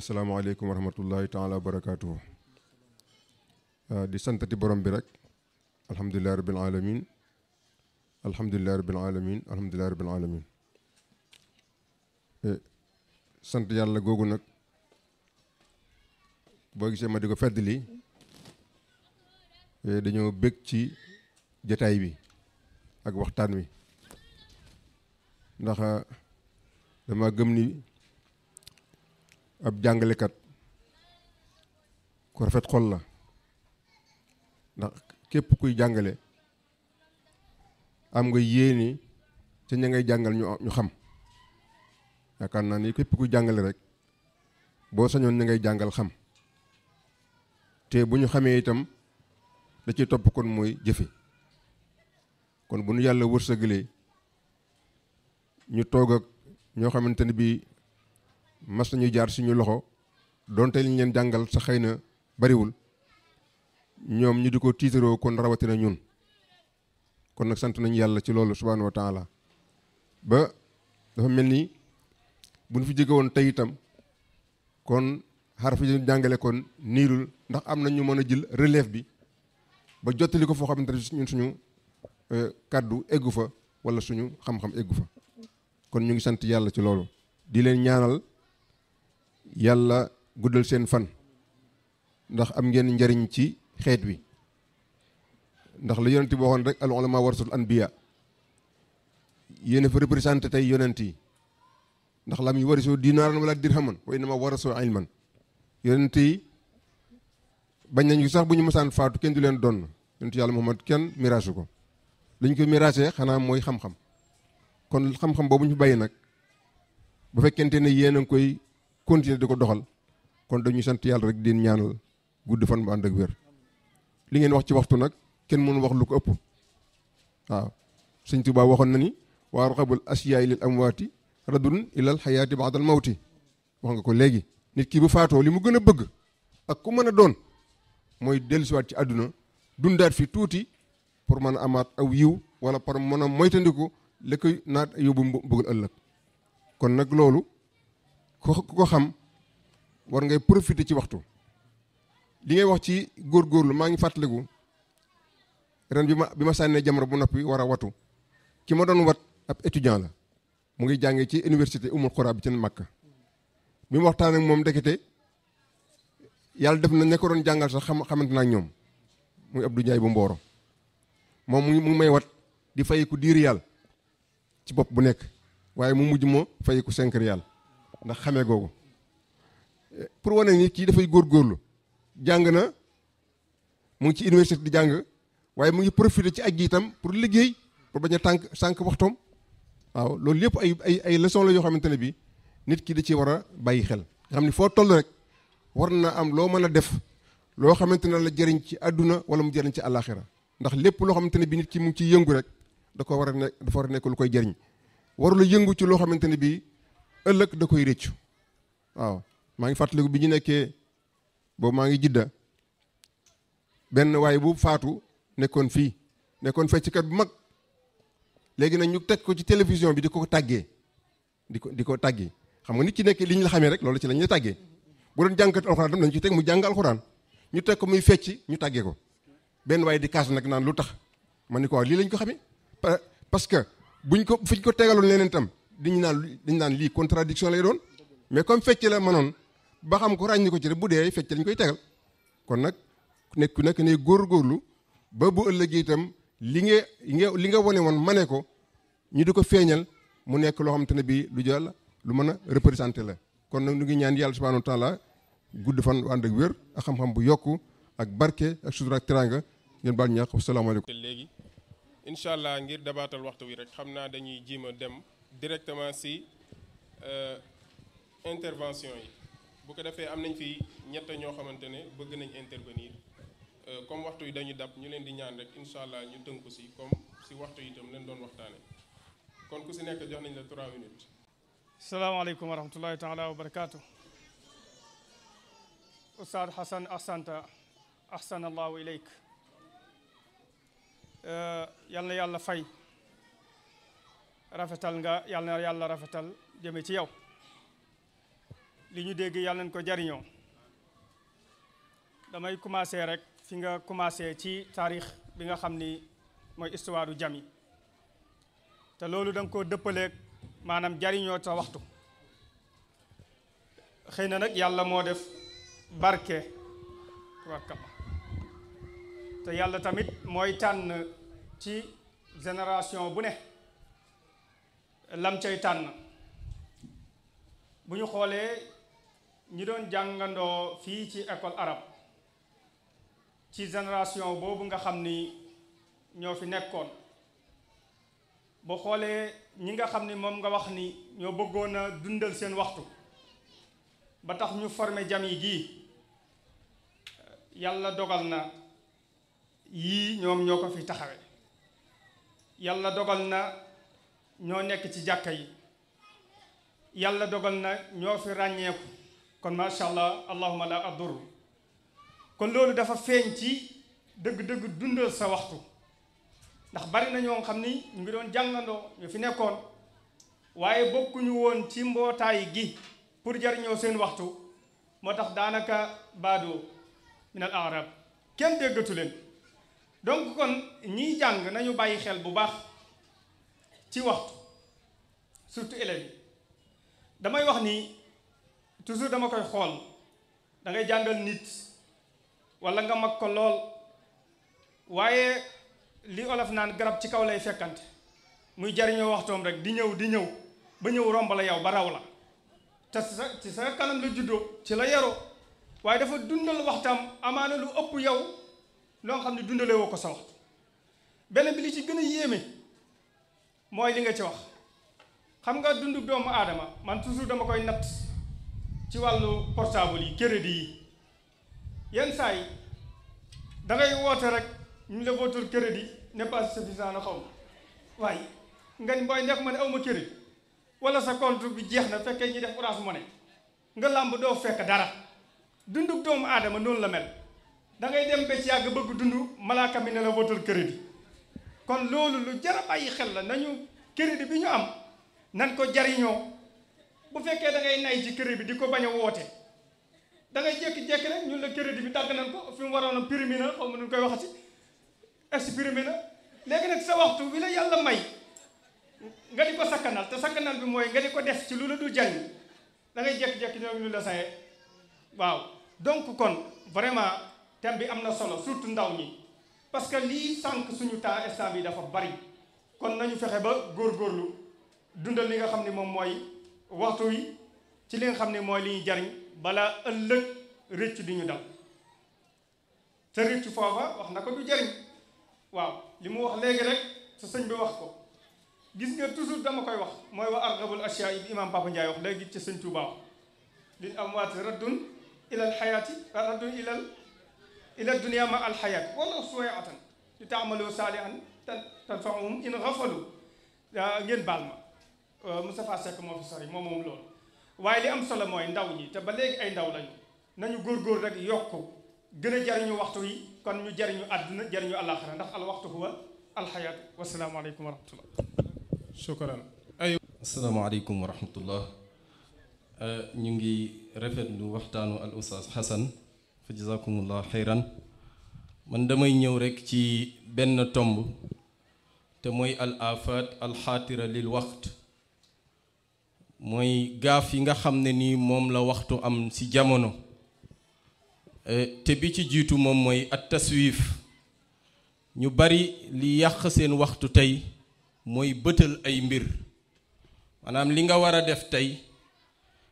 asalaamaaleykum wa rahmatullahi taala wa barakaatuhu ah, di santati borom bi rek alhamdulilahi rabbil alamin alhamdulilahi rabbil alamin eh, sant yàlla googu nag boo gisee ma di ko fedd li eh, dañoo bëgg ci jataay bi ak waxtaan wi ndax ah, dama gëm ni ab jàngalekat ku rafet xol la ndax képp kuy jàngale am nga yéene ca ña ngay jàngal ñu ñu xam yaakaar naa ni képp kuy jàngale rek boo sañoon ña ngay jàngal xam te bu ñu xamee itam da ciy topp kon mooy jëfe kon bu nu yàlla wërsëgalee ñu toog ak ñoo xamante ne bii mas nañu jaar suñu loxo donte liñ leen jàngal sa xëy na bariwul ñoom ñu di ko tiitaroo kon rawatina ñun kon nag sant nañu yàlla ci loolu subhaanahu wa taala ba dafa mel ni buñ fi jóge woon tey itam kon xaraf yi jàngale kon niirul ndax am na ñu mën a jël relève bi ba jottali ko foo xamante ne ñun suñu euh, kàddu eggu fa wala suñu xam-xam eggu fa kon ñu ngi sant yàlla ci loolu di leen ñaanal yàlla guddal seen fan ndax am ngeen njariñ ci xeet wi ndax la yonent bi waxoon rek al ulama warasul anbiya yéen fa représenté tey yonent yi ndax lam yu warisoo dinaaran wala dirhaman wa innama warasoo ilman yonent yi bañ nañ nañu sax bu ñu masaan faatu kenn du leen donn yonent yàlla Muhammad kenn miraasu ko li ñu ko xanaa mooy xam-xam kon xam-xam boobu ñu fi bàyyi nag bu fekkente ne yéen a koy continuer di ko doxal kon dañuy sant yàlla rek di ñaanal gudd fan bu ànd ak wér li ngeen wax ci waxtu nag kenn mënu wax lu ko ëpp waaw sëñ Tuubaa waxoon na ni waa raqabul asiyaay lil amwaati radun ilal xayaati baadal mawti wax nga ko léegi nit kii bu faatoo li mu gën a bëgg ak ku mën a doon mooy dellusiwaat ci àdduna dundaat fi tuuti pour mën a amaat aw yiw wala par mën a moytandiku li koy naat yóbbu mbëggal ëllëg kon nag loolu ko ko xam war ngay profiter ci waxtu li ngay wax ci góorgóorlu maa ngi fàttaliku ren bi ma bi ma sànnee jamono bu noppi war a watu ki ma doon wat ab étudiant la mu ngi jàngee ci université Umul Qura bi ci Makka bi ma waxtaan ak moom ndekete yàlla def na ña ko doon jàngal sax xam xamante muy Abdou Ndiaye bu Mboro moom mu ngi may wat di fayeku diir yàlla ci bopp bu nekk waaye mu mujj moo fayeku riyal ndax xamee googu pour wane ni kii dafay góorlu jàng na mu ngi ci université di jàng waaye mu ngi profité ci aj gi itam pour liggéey pour bañ a tànk sànq waxtoom waaw loolu yëpp ay ay ay leçon la yoo xamante ne bi nit ki da ci war a bàyyi xel xam ni foo toll rek war na am loo mën a def loo xamante ne la jëriñ ci àdduna wala mu jëriñ ci àllaaxira ndax lépp loo xamante ne bi nit ki mu ngi ciy yëngu rek da ko war a ne dafa war a nekk lu koy jëriñ warula ëllëg da koy rëccu waaw maa ngi fàttaliku bi ñu nekkee boobu maa ngi jidda benn waaye boobu faatu nekkoon fii nekkoon fecckat bu mag léegi nag ñu teg ko ci télévision bi di ko ko tàggee di ko di ko tàggee xam nga nit ci nekk li ñu la xamee rek loolu ci lañ tàggee bu doon jàngkat alxuraan tam dañu ci teg mu jàng alxuraan ñu teg ko muy fecc ñu tàggee ko benn waaye di kaas nag naan lu tax ma ni ko waaw lii lañ ko xamee parce que buñ ko fiñ ko tegaloon leneen tam diñu naan dañu naan lii contradiction lay doon mais comme fecc la manoon ba xam ko ràññi ko ci rek bu dee fecc lañ koy tegal kon nag nekk ku nekk ne góorgóorlu ba bu ëllëgee itam li nga li nga wane woon ne ko ñu di ko feeñal mu nekk loo xam te ne bii lu jàll lu mën a représenter la kon nag lu ngi ñaan yàlla subhanahu wa taala gudd fan ànd ak wér ak xam-xam bu yokk ak barke ak sutura ak teraanga ngeen baal ñaax asalaamaaleykum. léegi incha allah ngir dabaatal waxtu wi rek xam naa dañuy jiima dem. directement si euh, intervention yi bu ko defee am nañ fi ñett ñoo xamante ne bëgg nañ intervenir euh, comme waxtu yi dañuy dab ñu leen di ñaan rek incha allah ñu tënku si comme si waxtu yi itam leen doon waxtaane kon ku si nekk jox nañ la trois minutes. salaamaaleykum wa rahmatullahi taala wa barakaatu. Oustaz Hassan ahsanta ahsanallahu ilayk euh, yal na yàlla fay. rafetal nga yàlla yàlla rafetal jëme ci yow li ñu dégg yàlla nañ ko jariñoo damay commencé rek fi nga commencé ci taarix bi nga xam ni mooy histoire du jami te loolu da nga koo dëppaleeg maanaam jariñoo sa waxtu xëy na nag yàlla moo def barke wakama te yàlla tamit mooy tànn ci génération bu ne lam cay tànn bu ñu xoolee ñi doon jàngandoo fii ci école arab ci génération boobu nga xam ni ñoo fi nekkoon bu xoolee ñi nga xam ni moom nga wax ni ñoo bëggoon a dundal seen waxtu ba tax ñu former jam yi gii yàlla dogal na yii ñoom ñoo ko fi taxawe yàlla dogal na ñoo nekk ci jàkka yi yàlla dogal na ñoo fi ràññeeku kon macha allah allahuma la adur kon loolu dafa feeñ ci dëgg-dëgg dundal sa waxtu ndax bari nañoo ñoo xam ni ñu ngi doon jàngandoo ñu fi nekkoon waaye bokkuñu woon ci mbootaay gi pour jariñoo seen waxtu moo tax daanaka baado min al arab kenn déggatu leen donc kon ñiy jàng nañu bàyyi xel bu baax ci waxtu surtout élève damay wax ni toujours dama koy xol da ngay jangal nit wala nga mak ko lol waye li olaf nan garab ci kaw lay fekkante muy jarigno waxtom rek di ñew di ñew ba ñew romb la yow ba raw la ta ci sa kanam la juddo ci la yaroo waye dafa dundal waxtam amana lu upp yow lo xamni dundale dundalee sa waxtu bi li ci gëna yéme mooy li nga ci wax xam nga dundu doomu aadama man toujours dama koy natt ci wàllu portable yi crédit yi yenn saa yi dangay woote rek ñu la votre crédit n'est pas suffisant na xaw ma waaye nga ni mooy nekk ma ne awma crédit wala sa compte bi jeex na fekkee ñuy def orange money nga làmb doo fekk dara dundu doomu aadama noonu la mel da ngay dem ba ci yàgg bëgg dund malaaka mi ne la votre crédit kon loolu lu jar a bàyyi xel la nañu crédit bi ñu am nan ko jariñoo bu fekkee da ngay nay ci crédit bi di ko bañ a woote da ngay jékki-jékki rek ñun la crédit bi dagg nañ ko fi mu waroon a primé na xaw ma nu koy waxati exprimé na léegi nag sa waxtu wi la yàlla may nga di ko sakkanal te sakkanal bi mooy nga di ko def ci lu la du jariñ da ngay jékki-jékki ñoo la sa waaw donc kon vraiment thème bi am na solo surtout ndaw ñi parce que lii sànq suñu temps instant bi dafa bari kon nañu fexe ba góor góorgóorlu dundal li nga xam ne moom mooy waxtu wi ci li nga xam ne mooy li ñu jariñ balaa ëllëg rëcc di ñu dal te rëcc foofa wax na ko du jariñ waaw li mu wax léegi rek sa sëñ bi wax ko gis nga toujours dama koy wax mooy wa argabul asiya yi bi imam Papa Ndiaye wax léegi ci sëñ Touba lil amwaati raddun ilal xayaati raddun ilal إلى الدنيا مع الحياة ولو سويعة لتعملوا صالحا تنفعهم إن غفلوا ngeen baal ma Moustapha Seck moo fi sori moom moom loolu waaye li am solo mooy ndaw ñi te ba léegi ay ndaw lañu nañu góorgóor rek yokk gën a jariñu waxtu yi kon ñu jariñu àdduna jariñu àllaaxira ndax al waxtu huwa alxayaatu wasalaamaaleykum wa rahmatullah shukran ay asalaamaaleykum wa rahmatullah ñu ngi rafetlu waxtaanu al oustaz Xasan fa jazakumullah xeyran man damay ñëw rekk ci benn tomb te mooy al afat alxaatira lil waxt mooy gaaf yi nga xam ne nii moom la waxtu am ci jamono e, te bi ci jiitu moom mooy at taswiif ñu bari li yàq seen waxtu tey mooy bëtal ay mbir maanaam li nga war a def tey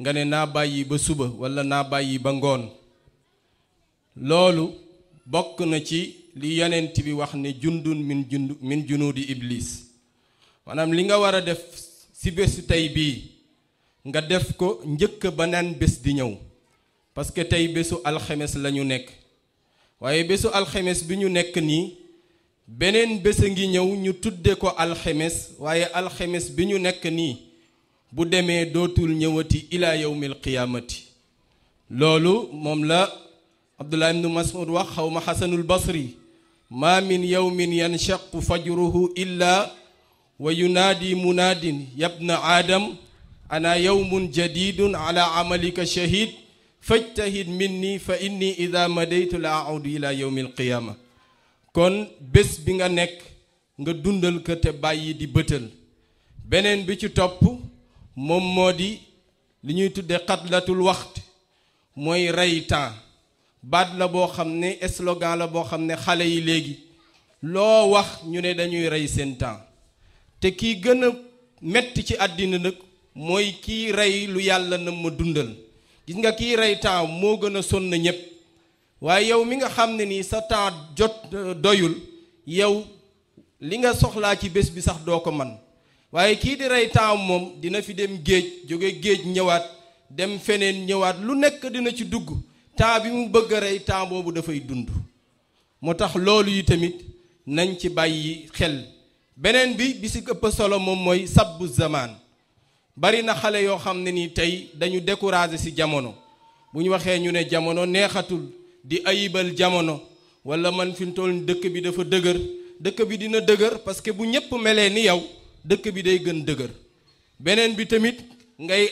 nga ne naa bàyyi ba suba walla naa bàyyi ba ngoon loolu bokk na ci li yonent bi wax ne jundun min jund min junuudi iblis maanaam li nga war a def si bésu tey bii nga def ko njëkk banaan bés di ñëw parce que tey bésu alxemes lañu nekk waaye bésu alxemes bi ñu nekk nii beneen bés a ngi ñëw ñu tudde ko alxemes waaye alxemes bi ñu nekk nii bu demee dootul ñëwati ila yawmil qiyaamati loolu moom la abdullah ibnu mas'ud wax xaw ma xasanul basri ma min yawmin yanshaqu fajruhu illa wa yunaadi munaadin yabna aadam ana yawmun jadidun ala amalika shahid fajtahid minni fa inni ida madaytu la audu ila yawmi alqiyama kon bés bi nga nekk nga dundal ko te bàyyi di bëtal beneen bi ci topp moom moo di li ñuy tudde xatlatul waxt mooy rey temps baat la boo xam ne slogan la boo xam ne xale yi léegi loo wax ñu ne dañuy rey seen temps te kii gën a metti ci àddina nag mooy kii rey lu yàlla na ma dundal gis nga kii rey temps moo gën a sonn ñépp waaye yow mi nga xam ne nii sa temps jot euh, doyul yow li nga soxlaa ci bés bi sax doo ko man waaye kii di rey temps moom dina fi dem géej jóge géej ñëwaat dem feneen ñëwaat lu nekk dina ci dugg temps bi mu bëgg a rey temps boobu dafay dund moo tax loolu yi tamit nañ ci bàyyi xel beneen bi bi si ëpp solo moom mooy sabbu zamaan bari na xale yoo xam ne ni tey dañu découragé ci jamono bu ñu waxee ñu ne jamono neexatul di ayibal jamono wala man fi mu toll dëkk bi dafa dëgër dëkk bi dina dëgër parce que bu ñëpp melee ni yow dëkk bi day gën dëgër beneen bi tamit ngay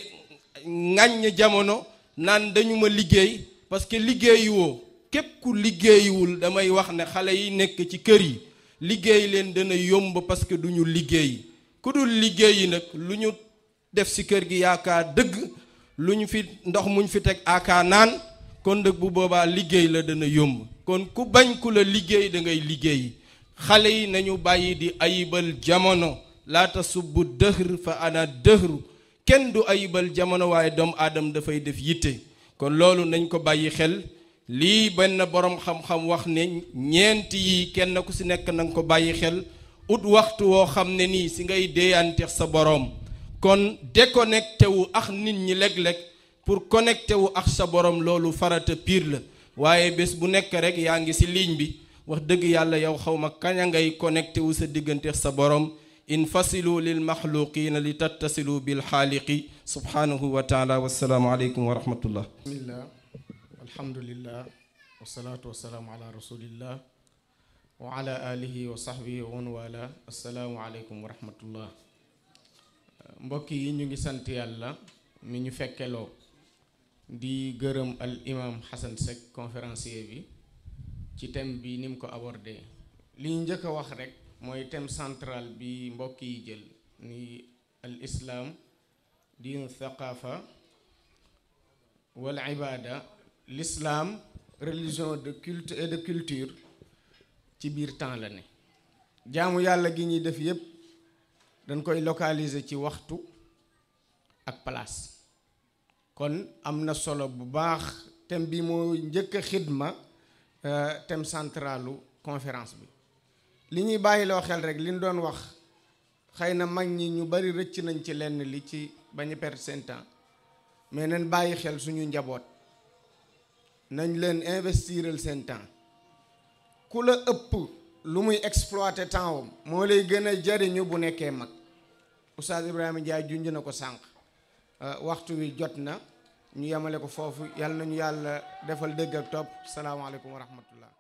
ŋàññ jamono naan dañu ma liggéey parce que liggéeyoo képp ku liggéeyiwul damay wax ne xale yi nekk ci kër yi liggéey leen dana yomb parce que du liggéey ku dul liggéeyi nag lu ñu def ci kër gi yaakaar dëgg lu ñu fi ndox mu ñu fi teg aakaar naan kon dëgg bu boobaa liggéey la dana yomb kon ku bañ ku la liggéey da ngay liggéey xale yi nañu bàyyi di ayibal jamono laata subbu dëhr fa ana dëhru kenn du ayibal jamono waaye doomu aadam dafay def yitte kon loolu nañ ko bàyyi xel lii benn boroom xam-xam wax ne ñeent yi kenn ku si nekk nañ ko bàyyi xel ut waxtu woo xam ne nii si ngay déeyante sa boroom kon déconnecté wu ak nit ñi léeg-léeg pour connecté ak sa boroom loolu farata piir la waaye bés bu nekk rek yaa ngi si ligne bi wax dëgg yàlla yow xaw ma kañ a ngay connecté wu sa diggante sa boroom انفصلوا للمخلوقين لتتصلوا بالخالق سبحانه وتعالى والسلام عليكم ورحمة الله بسم الله الحمد لله والصلاة والسلام على رسول الله وعلى آله وصحبه ومن والاه السلام عليكم ورحمة الله مبكي yi ñu ngi sant yàlla mi دي fekkeloo الامام حسن سك imam Xasan Seck conférencier bi ci thème bi ni mu ko abordé mooy thème central bi mbokk yi jël ni al islaam diinu thaqafa wal ibada l'islam religion de culte et de culture ci biir temps la ne jaamu yàlla gi ñuy def yépp dañ koy localiser ci waxtu ak place kon am na solo bu baax thème bi moo njëkk a xidma thème centralu conférence bi li ñuy bàyyiloo xel rek li ñu doon wax xëy na mag ñi ñu bari rëcc nañ ci lenn li ci bañu perdre seen temps mais nañ bàyyi xel suñu njaboot nañ leen investiral seen temps ku la ëpp lu muy exploité temps wam moo lay gën a jariñu bu nekkee mag Oustaz Ibrahima Ndiaye junj na ko sànq euh, waxtu wi jot na ñu yemale ko foofu yàlla nañu yàlla defal dégg ak topp salaamaaleykum wa rahmatullah